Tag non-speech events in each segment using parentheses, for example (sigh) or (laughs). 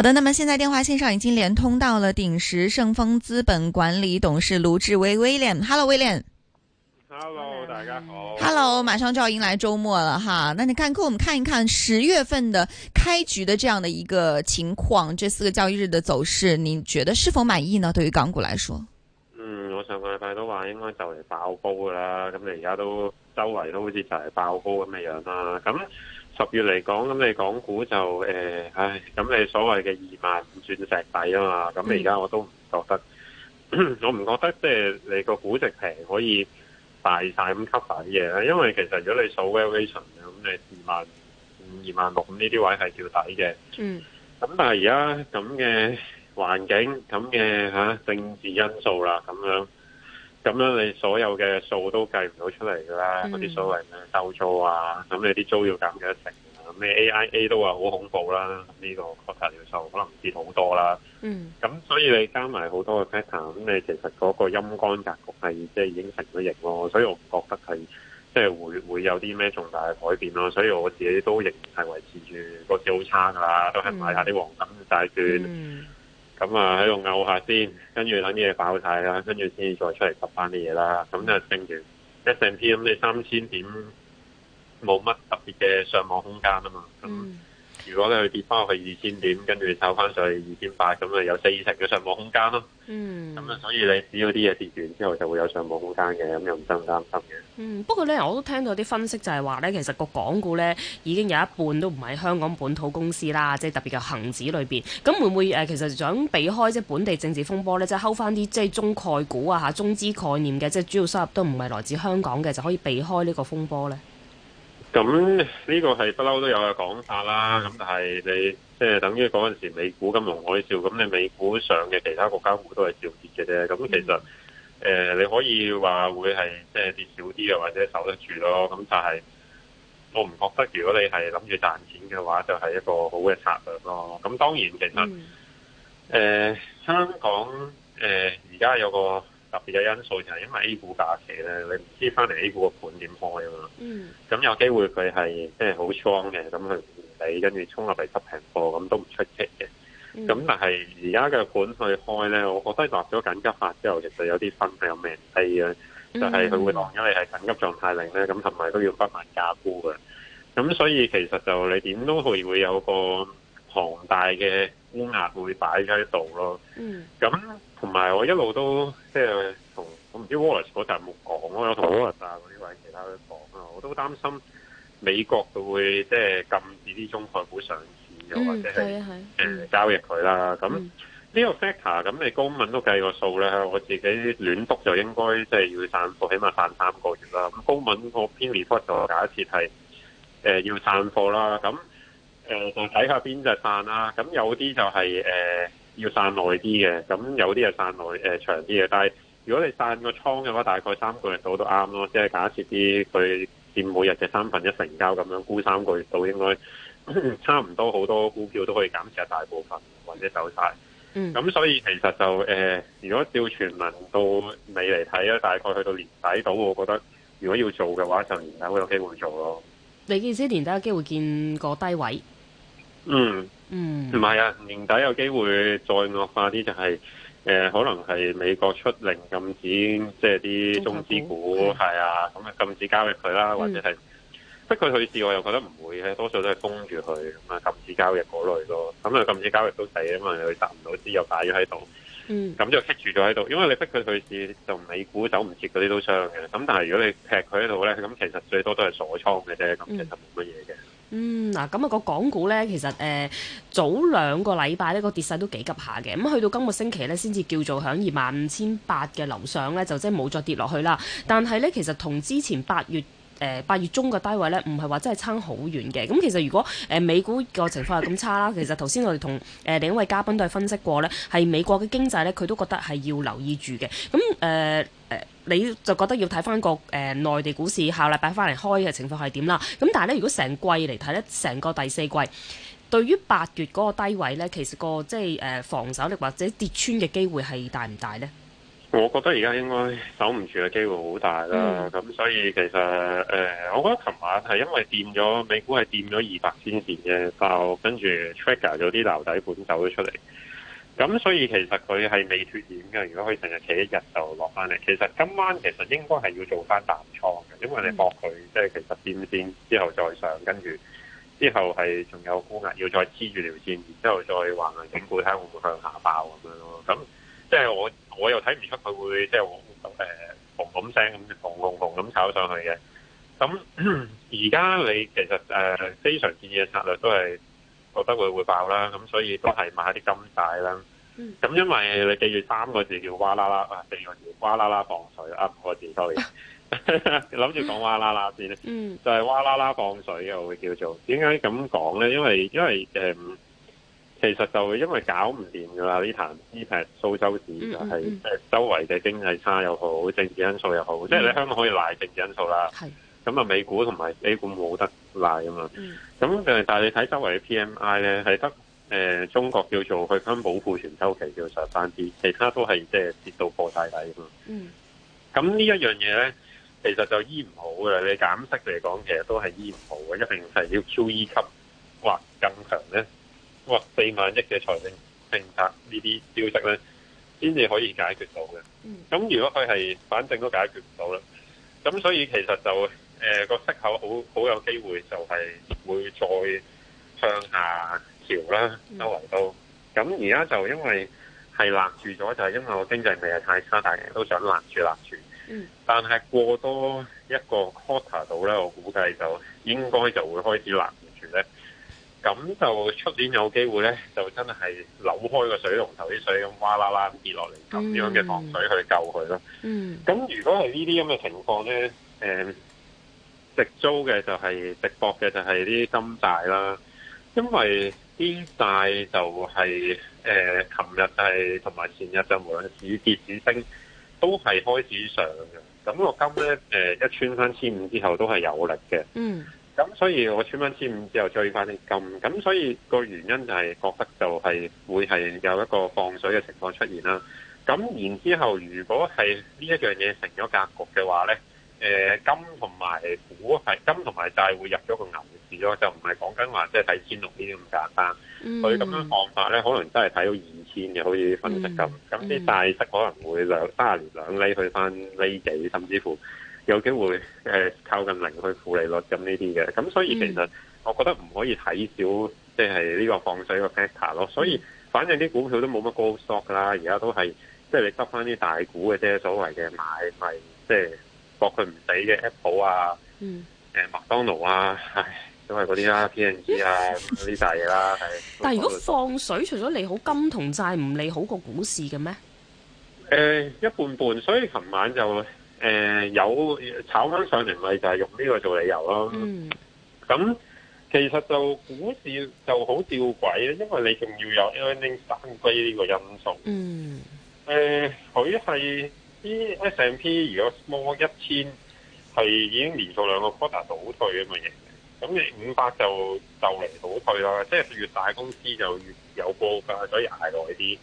好的，那麼現在電話線上已經連通到了鼎石盛豐資本管理董事盧志威 William。Hello，William。Hello，Hello，大家好。Hello，馬上就要迎來周末了哈，那你看，跟我們看一看十月份的開局的這樣的一個情況，這四個交易日的走勢，你覺得是否滿意呢？對於港股來說？嗯，我上個禮拜都話應該就嚟爆煲噶啦，咁你而家都周圍都好似就嚟爆煲咁嘅樣啦，咁。十月嚟講，咁你港股就誒，唉，咁你所謂嘅二萬五鑽石底啊嘛，咁你而家我都唔覺得，嗯、 (coughs) 我唔覺得即係你個估值平可以大晒咁吸底嘅，因為其實如果你數 valuation 咁，你二萬五二萬六咁呢啲位係叫底嘅，嗯，咁但係而家咁嘅環境，咁嘅吓政治因素啦，咁樣。咁樣你所有嘅數都計唔到出嚟㗎啦，嗰啲所謂咩收租啊，咁你啲租要減幾成啊，咩 AIA 都話好恐怖啦，呢個 factor 嘅數可能唔跌好多啦。嗯，咁所以你加埋好多嘅 factor，咁你其實嗰個陰光格局係即係已經成咗型咯，所以我唔覺得係即係會會有啲咩重大嘅改變咯。所以我自己都仍然係維持住個市好差㗎啦，都係買下啲黃金債券。嗯嗯。咁啊喺度拗下先，跟住等啲嘢爆晒啦，跟住先至再出嚟執翻啲嘢啦。咁就係升一成 M，咁你三千點，冇乜特別嘅上望空間啊嘛。如果你跌去跌翻去二千點，跟住炒翻上去二千八，咁啊有四成嘅上望空間咯。嗯，咁啊所以你只要啲嘢跌完之後就會有上望空間嘅，咁又唔使咁擔心嘅。嗯，不過咧我都聽到啲分析就係話咧，其實個港股咧已經有一半都唔係香港本土公司啦，即係特別嘅恒指裏邊。咁會唔會誒、呃、其實想避開即係本地政治風波咧，即係拋翻啲即係中概股啊、嚇中資概念嘅，即係主要收入都唔係來自香港嘅，就可以避開呢個風波咧？咁呢個係不嬲都有嘅講法啦，咁但係你即係、就是、等於嗰陣時美股金融海嘯，咁你美股上嘅其他國家股都係小跌嘅啫。咁其實誒、嗯呃，你可以話會係即係跌少啲啊，或者受得住咯。咁但係我唔覺得如果你係諗住賺錢嘅話，就係、是、一個好嘅策略咯。咁當然其實誒、嗯呃，香港誒而家有個。特別嘅因素就係因為 A 股假期咧，你唔知翻嚟 A 股個盤點開啊嘛。嗯。咁有機會佢係即係好倉嘅，咁佢唔理，跟住衝入嚟執平貨，咁都唔出奇嘅。咁、嗯、但係而家嘅盤去開咧，我覺得立咗緊急法之後，其實有啲分係有命低嘅，就係、是、佢會當你係緊急狀態令咧，咁同埋都要不問價沽嘅。咁所以其實就你點都會會有個龐大嘅。烏壓會擺喺度咯，咁同埋我一路都即係同我唔知 Wallace 嗰陣冇講我有同 Wallace 啊嗰啲或者其他講啊。我都擔心美國佢會即係、就是、禁止啲中概股上市又或者係誒交易佢啦。咁、嗯、呢、嗯、個 factor 咁你高敏都計過數咧，我自己亂讀就應該即係要散貨，起碼散三個月啦。咁高敏嗰篇 report 就假設係誒、呃、要散貨啦。咁誒、呃，就睇下邊隻散啦，咁有啲就係、是、誒、呃、要散耐啲嘅，咁有啲又散耐誒、呃、長啲嘅。但係如果你散個倉嘅話，大概三個月度都啱咯。即係假設啲佢佔每日嘅三分一成交咁樣，估三個月度應該差唔多好多股票都可以減持大部分或者走晒。咁、嗯呃、所以其實就誒、呃，如果照傳聞到尾嚟睇咧，大概去到年底到，我覺得如果要做嘅話，就年底會有機會做咯。你意思年底有機會見過低位？嗯，嗯，唔係啊，年底有機會再惡化啲就係、是，誒、呃，可能係美國出令禁止，嗯、即係啲中資股係、嗯嗯、啊，咁啊禁止交易佢啦，或者係逼佢退市，我又覺得唔會嘅，多數都係封住佢，咁啊禁止交易嗰類咯，咁啊禁止交易都抵啊嘛，佢賺唔到資又擺咗喺度，嗯，咁就棘住咗喺度，因為你逼佢退市，就美股走唔切嗰啲都傷嘅，咁但係如果你劈佢喺度咧，咁其實最多都係鎖倉嘅啫，咁其實冇乜嘢嘅。嗯，嗱，咁啊個港股咧，其實誒、呃、早兩個禮拜呢個跌勢都幾急下嘅，咁、嗯、去到今個星期咧先至叫做喺二萬五千八嘅樓上咧，就即係冇再跌落去啦。但係咧，其實同之前八月誒八、呃、月中個低位咧，唔係話真係差好遠嘅。咁、嗯、其實如果誒、呃、美股個情況係咁差啦，其實頭先我哋同誒另一位嘉賓都係分析過咧，係美國嘅經濟咧，佢都覺得係要留意住嘅。咁、嗯、誒。呃誒，你就覺得要睇翻個誒內地股市下禮拜翻嚟開嘅情況係點啦？咁但係咧，如果成季嚟睇咧，成個第四季對於八月嗰個低位咧，其實個即係誒防守力或者跌穿嘅機會係大唔大咧、嗯呃？我覺得而家應該守唔住嘅機會好大啦。咁所以其實誒，我覺得琴晚係因為掂咗美股係掂咗二百天線嘅爆，跟住 trigger 咗啲樓底盤走咗出嚟。咁所以其實佢係未脫險嘅，如果佢成日企一日就落翻嚟。其實今晚其實應該係要做翻淡倉嘅，因為你博佢即係其實線線之後再上，跟住之後係仲有沽壓要再黐住條線，然之後再橫行整固睇下會唔會向下爆咁樣咯。咁即係我我又睇唔出佢會即係誒砰咁聲咁砰砰砰咁炒上去嘅。咁而家你其實誒、呃、非常建議嘅策略都係。覺得會會爆啦，咁所以都係買啲金帶啦。咁、嗯嗯嗯、因為你記住三個字叫哇啦啦，啊四個字哇啦啦放水，啊五個字收嘢。諗住、啊、講哇啦啦先咧，嗯、就係哇啦啦放水又我會叫做點解咁講咧？因為因為誒、嗯，其實就因為搞唔掂㗎啦！呢壇嘢劈蘇州屎就係、是、誒，嗯嗯、周圍嘅經濟差又好，政治因素又好，即係、嗯嗯、你香港可以賴政治因素啦。係咁啊，美股同埋 A 股冇得。賴啊嘛，咁、嗯、但係你睇周圍嘅 PMI 咧，係得誒中國叫做去翻保護全周期叫做十三點，其他都係即係跌到破晒底嘛。嗯，咁呢一樣嘢咧，其實就醫唔好噶啦。你減息嚟講，其實都係醫唔好嘅，一定係要 QE 級或更強咧，哇四萬億嘅財政政策呢啲消息咧，先至可以解決到嘅。嗯，咁如果佢係反正都解決唔到啦，咁所以其實就。誒、呃那個息口好好有機會就係會再向下調啦，嗯、周圍都咁而家就因為係攔住咗，就係、是、因為我經濟未係太差，大家都想攔住攔住。嗯。但係過多一個 quarter 度咧，我估計就應該就會開始攔住咧。咁就出年有機會咧，就真係扭開個水龍頭啲水咁，哇啦啦跌落嚟咁樣嘅糖水去救佢咯、嗯。嗯。咁如果係呢啲咁嘅情況咧，誒、呃。直租嘅就係直博嘅就係啲金債啦，因為啲債就係、是、誒，琴日係同埋前日就無、是、論市跌市升都係開始上嘅。咁個金咧誒、呃，一穿翻千五之後都係有力嘅。嗯，咁所以我穿翻千五之後追翻啲金，咁所以個原因就係覺得就係會係有一個放水嘅情況出現啦。咁然之後，如果係呢一樣嘢成咗格局嘅話咧。誒金同埋股係金同埋債會入咗個牛市咯，就唔係講緊話即係睇千六呢啲咁簡單。佢咁樣看法咧，可能真係睇到二千嘅，好似分析咁。咁啲債息可能會兩三年兩厘去翻呢幾，甚至乎有機會誒靠近零去負利率咁呢啲嘅。咁所以其實我覺得唔可以睇少即係呢個放水個 factor 咯。所以反正啲股票都冇乜高 stock 啦，而家都係即係你執翻啲大股嘅啫，所謂嘅買賣即係。駁佢唔抵嘅 Apple 啊，誒麥、嗯欸、當勞啊，唉，都係嗰啲啦 p n d 啊，呢啲 (laughs) 大嘢啦。但係如果放水，除咗利好金同債，唔利好個股市嘅咩？誒、呃、一半半，所以琴晚就誒、呃、有炒返上嚟，咪就係用呢個做理由咯。咁、嗯、其實就股市就好吊詭咧，因為你仲要有 earnings 貶低呢個因素。嗯。誒、呃，佢係。啲 S&P 如果 small 一千係已經連續兩個 quarter 倒退咁嘅嘢，咁你五百就就嚟倒退啦，即係越大公司就越有報價，咁所以捱耐啲。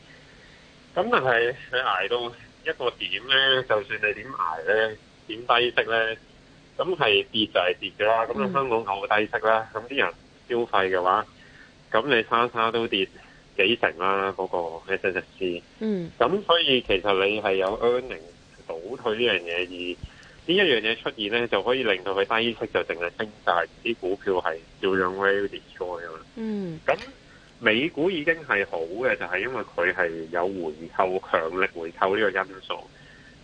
咁但係你捱到一個點咧，就算你點捱咧，點低息咧，咁係跌就係跌嘅啦。咁香港好低息啦，咁啲、嗯、人消費嘅話，咁你差差都跌。幾成啦？嗰、那個 s 嗯，咁所以其實你係有 earnings 倒退呢樣嘢，而呢一樣嘢出現呢，就可以令到佢低息就淨係升晒啲股票係照樣 very good 啦。嗯，咁美股已經係好嘅，就係、是、因為佢係有回購強力回購呢個因素。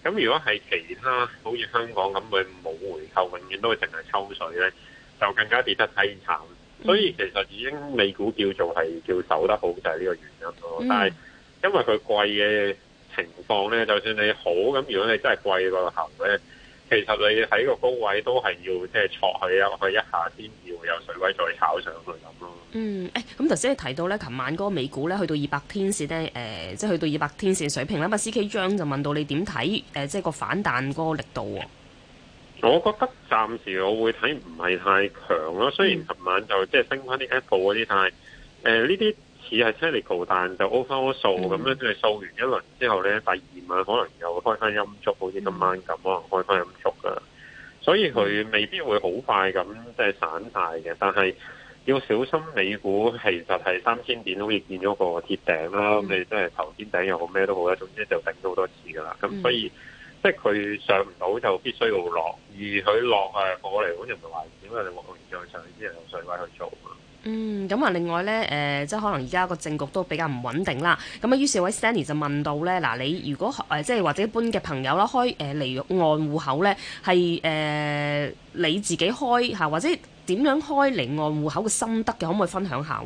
咁如果係其他，好似香港咁，佢冇回購，永遠都會淨係抽水呢就更加跌得睇慘。所以其實已經美股叫做係叫走得好就係呢個原因咯。嗯、但係因為佢貴嘅情況咧，就算你好咁，如果你真係貴個行咧，其實你喺個高位都係要即係挫佢入去一下先至會有水位再炒上去咁咯。嗯，誒咁頭先你提到咧，琴晚嗰個美股咧去到二百天線咧，誒、呃、即係去到二百天線水平啦。阿 C K 張就問到你點睇誒，即係個反彈個力度喎。我覺得暫時我會睇唔係太強咯，雖然琴晚就即係升翻啲 Apple 嗰啲，但係誒呢啲似係 technical，但就 overall 數咁樣即係掃完一輪之後咧，第二晚可能又開翻音速，好似今晚咁，可能開翻音速噶，所以佢未必會好快咁即係散晒嘅。但係要小心美股，其實係三千點好似見咗個鐵頂啦。咁、mm hmm. 你即係頭先頂又好咩都好啦，總之就頂咗好多次噶啦。咁所以。即係佢上唔到就必須要落，而佢落誒過嚟，好似唔係話點解你落到完再上去啲人用碎位去做啊。嗯，咁啊，另外咧誒，即係可能而家個政局都比較唔穩定啦。咁啊，於是位 Sandy 就問到咧，嗱，你如果誒即係或者一般嘅朋友啦，開誒離岸戶口咧，係誒你自己開嚇，或者點樣開離岸戶口嘅心得嘅，可唔可以分享下？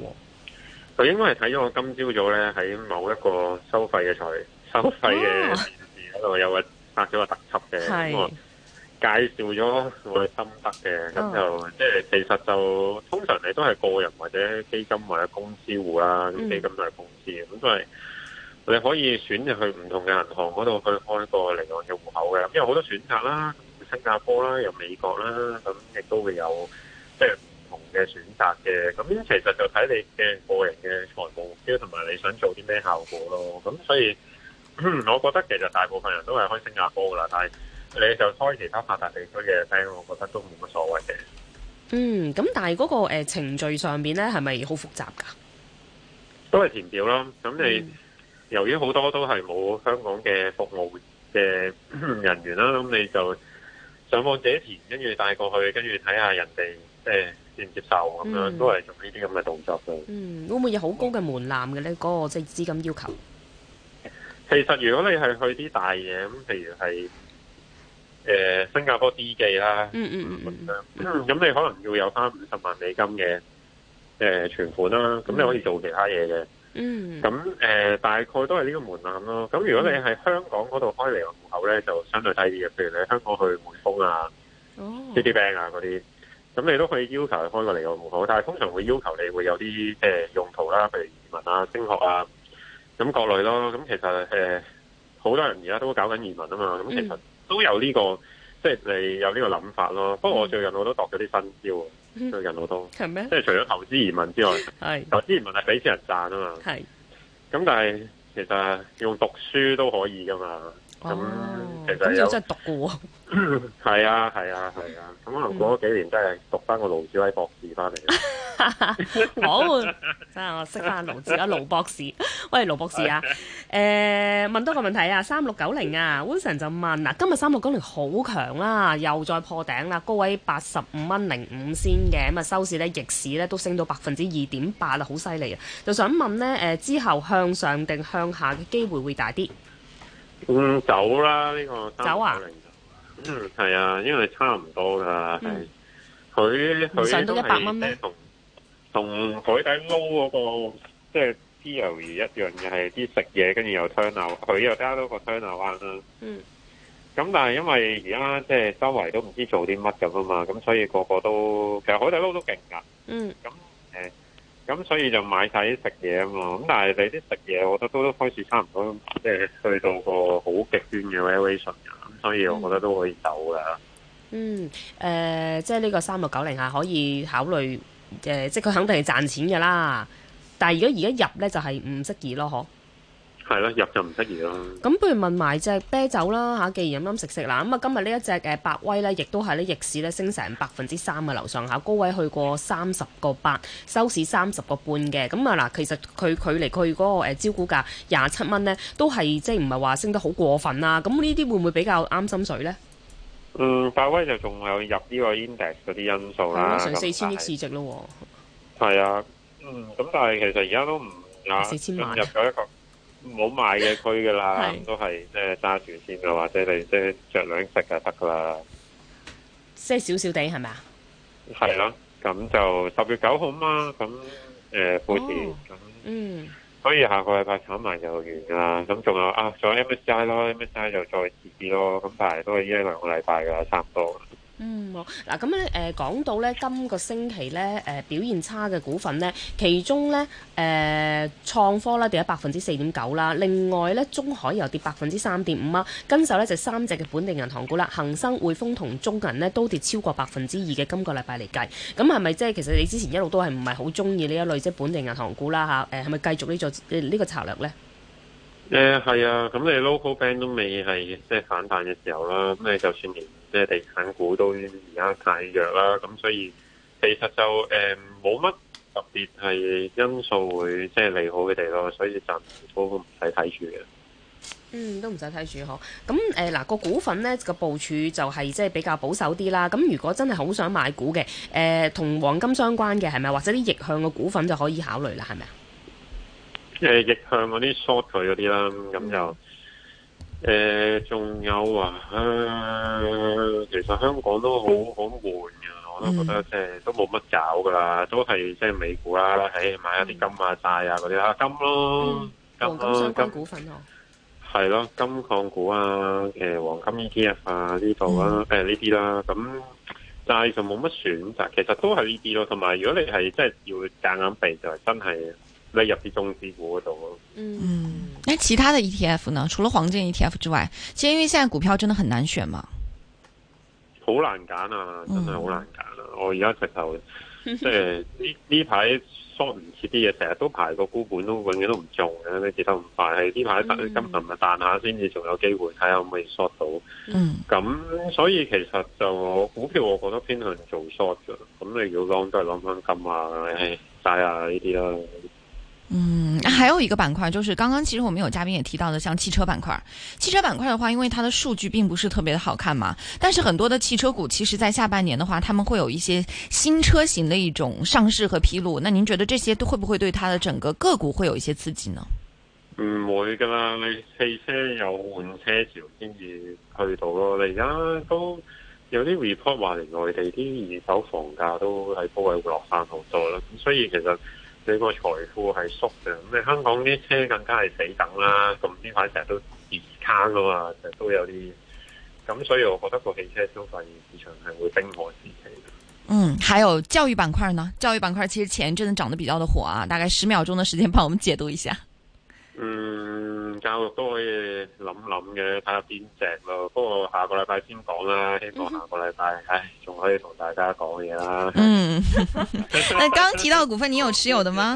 就應該係睇咗我今朝早咧喺某一個收費嘅財收費嘅電視喺度有個。 (laughs) (laughs) 拍咗個特輯嘅咁啊，是介紹咗我嘅心得嘅，咁、oh. 就即係其實就通常你都係個人或者基金或者公司戶啦，啲、mm. 基金都係公司嘅，咁都係你可以選擇去唔同嘅銀行嗰度去開個另外嘅戶口嘅，因為好多選擇啦，新加坡啦，又美國啦，咁、嗯、亦都會有即係唔同嘅選擇嘅，咁其實就睇你嘅個人嘅財務目標同埋你想做啲咩效果咯，咁所以。 (noise) 我覺得其實大部分人都係開新加坡噶啦，但係你就開其他發達地區嘅 p 我覺得都冇乜所謂嘅。嗯，咁但係嗰、那個、呃、程序上邊咧，係咪好複雜噶？都係填表啦。咁你、嗯、由於好多都係冇香港嘅服務嘅人員啦，咁你就上網自己填，跟住帶過去，跟住睇下人哋誒接唔接受咁、嗯、樣，都係做呢啲咁嘅動作嘅。嗯，會唔會有好高嘅門檻嘅呢？嗰、那個即係資金要求？其實如果你係去啲大嘢，咁譬如係誒、呃、新加坡 D 記啦，咁你可能要有翻五十萬美金嘅誒、呃、存款啦，咁你可以做其他嘢嘅。咁誒、mm, mm, mm, 呃、大概都係呢個門檻咯。咁如果你係香港嗰度開離岸戶口咧，就相對低啲嘅。譬如你喺香港去匯豐啊、滴滴餅啊嗰啲，咁你都可以要求你開個離岸戶口，但係通常會要求你會有啲誒用途啦，譬、呃、如移民啊、升學啊。咁國內，咯，咁其實誒好多人而家都搞緊移民啊嘛，咁其實都有呢個即係你有呢個諗法咯。不過我最近我都度咗啲新招喎，最近我都即係除咗投資移民之外，投資移民係俾錢人賺啊嘛。係咁，但係其實用讀書都可以噶嘛。咁其實有真係讀嘅喎。係啊係啊係啊，咁可能過咗幾年真係讀翻個盧志威博士翻嚟。好，真係 (laughs) 我,我識翻盧志威啊，盧博士。喂，盧博士啊，誒 Okay.、呃，問多個問題啊，三六九零啊，Winson 就問嗱，今日三六九零好強啦，又再破頂啦，高位八十五蚊零五仙嘅，咁啊，收市呢，逆市呢，都升到百分之二點八啦，好犀利啊！就想問呢，誒，之後向上定向下嘅機會會大啲？嗯，走啦呢、呢個三六九零,走啊？嗯，係啊，因為差唔多噶，佢佢。嗯、上到一百蚊咩？同海底撈嗰個即係啲魷魚一樣嘅，係啲食嘢，跟住又 turn out，佢又加多個 turn out 彎啦。嗯。咁但係因為而家即係周圍都唔知做啲乜咁啊嘛，咁所以個個都其實海底撈都勁噶。嗯。咁誒、嗯，咁所以就買晒啲食嘢啊嘛。咁但係你啲食嘢，我覺得都，都開始差唔多，即係去到個好極端嘅 valuation 啊。咁所以我覺得都可以走噶。嗯，誒、呃，即係呢個三六九零下可以考慮。誒、嗯，即係佢肯定係賺錢噶啦，但係如果而家入呢，就係唔適宜咯，嗬？係咯，入就唔適宜啦。咁不如問埋隻啤酒啦吓，既然飲飲食食嗱，咁、嗯、啊今日呢一隻誒百威呢，亦都係咧逆市咧升成百分之三嘅樓上下，高位去過三十個八，收市三十個半嘅，咁啊嗱，其實佢距離佢嗰個誒招股價廿七蚊呢，都係即係唔係話升得好過分啦，咁呢啲會唔會比較啱心水呢？嗯，發威就仲有入呢個 index 嗰啲因素啦，成、嗯嗯嗯、四千億市值咯。係啊，嗯，咁但係其實而家都唔，四千億入咗一個唔好買嘅區噶啦，都係即係揸住先啊，或者你即係着兩食就得噶啦，即係少少地係咪？係啦，咁就十月九號嘛，咁誒，富時咁，嗯。所以下個禮拜炒埋就完啦，咁仲有啊，仲有 m s I 咯 m s I 就再跌啲咯，咁但係都係一兩個禮拜噶，差唔多。嗯，好、啊。嗱，咁咧，誒，講到咧，今個星期咧，誒、呃，表現差嘅股份咧，其中咧，誒、呃，創科咧跌咗百分之四點九啦，另外咧，中海油跌百分之三點五啊。跟手咧就是、三隻嘅本地銀行股啦，恒生、匯豐同中銀咧都跌超過百分之二嘅今個禮拜嚟計。咁係咪即係其實你之前一路都係唔係好中意呢一類即係本地銀行股啦？吓、啊，誒係咪繼續呢個呢個策略咧？誒係啊，咁你 local bank 都未係即係反彈嘅時候啦，咁你就算。即係地產股都而家太弱啦，咁所以其實就誒冇乜特別係因素會即係利好佢哋咯，所以暫時都唔使睇住嘅。嗯，都唔使睇住嗬。咁誒嗱個股份咧，嗰個部署就係即係比較保守啲啦。咁如果真係好想買股嘅，誒、呃、同黃金相關嘅係咪，或者啲逆向嘅股份就可以考慮啦，係咪啊？誒、呃，逆向嗰啲 short 佢嗰啲啦，咁就。嗯誒，仲、呃、有啊，啊，其實香港都好好悶噶，我都覺得即係都冇乜搞噶啦，都係即係美股啦、啊，喺、哎、買一啲金啊、債啊嗰啲啦，金咯、啊啊，金金股份咯，係咯，金礦股啊，誒，黃金 ETF 啊呢度啊，誒呢啲啦，咁、嗯呃啊、但係就冇乜選擇，其實都係呢啲咯，同埋如果你係真係要夾硬嚟就係、是、真係。入啲中資股嗰度咯。嗯，但其他嘅 ETF 呢？除咗黃金 ETF 之外，即係因為現在股票真的很難選嘛，好難揀啊，真係好難揀啊！嗯、我而家直頭即係呢呢排 short 唔切啲嘢，成日 (laughs) 都排個股本永遠都永遠都唔做嘅，你結得唔快。係呢排等啲金銀咪彈下先至，仲有機會睇下可唔可以 short 到。嗯，咁所以其實就股票我覺得偏向做 short 啫，咁你如果講都係諗翻金啊、晒、哎哎、啊呢啲啦。嗯，還有一個板塊就是剛剛其實我們有嘉賓也提到的，像汽車板塊。汽車板塊的話，因為它的數據並不是特別的好看嘛，但是很多的汽車股其實，在下半年的話，他們會有一些新車型的一種上市和披露。那您覺得這些都會不會對它的整個個股會有一些刺激呢？唔會㗎啦，你汽車有換車潮先至去到咯。你而家都有啲 report 話，連內地啲二手房價都喺高位會落翻好多啦。咁所以其實。你個財富係縮嘅，咁你香港啲車更加係死等啦，咁呢排成日都跌卡噶嘛，成日都有啲，咁所以我覺得個汽車消費市場係會冰火時期。嗯，還有教育板塊呢？教育板塊其實前一陣子漲得比較的火啊，大概十秒鐘的時間，幫我們解讀一下。嗯，教育都可以諗諗嘅，睇下邊隻咯。不過下個禮拜先講啦，嗯、哼希望下個禮拜，唉，仲可以同大家講嘢啦。嗯，那剛剛提到股份，你有持有的嗎？ (laughs)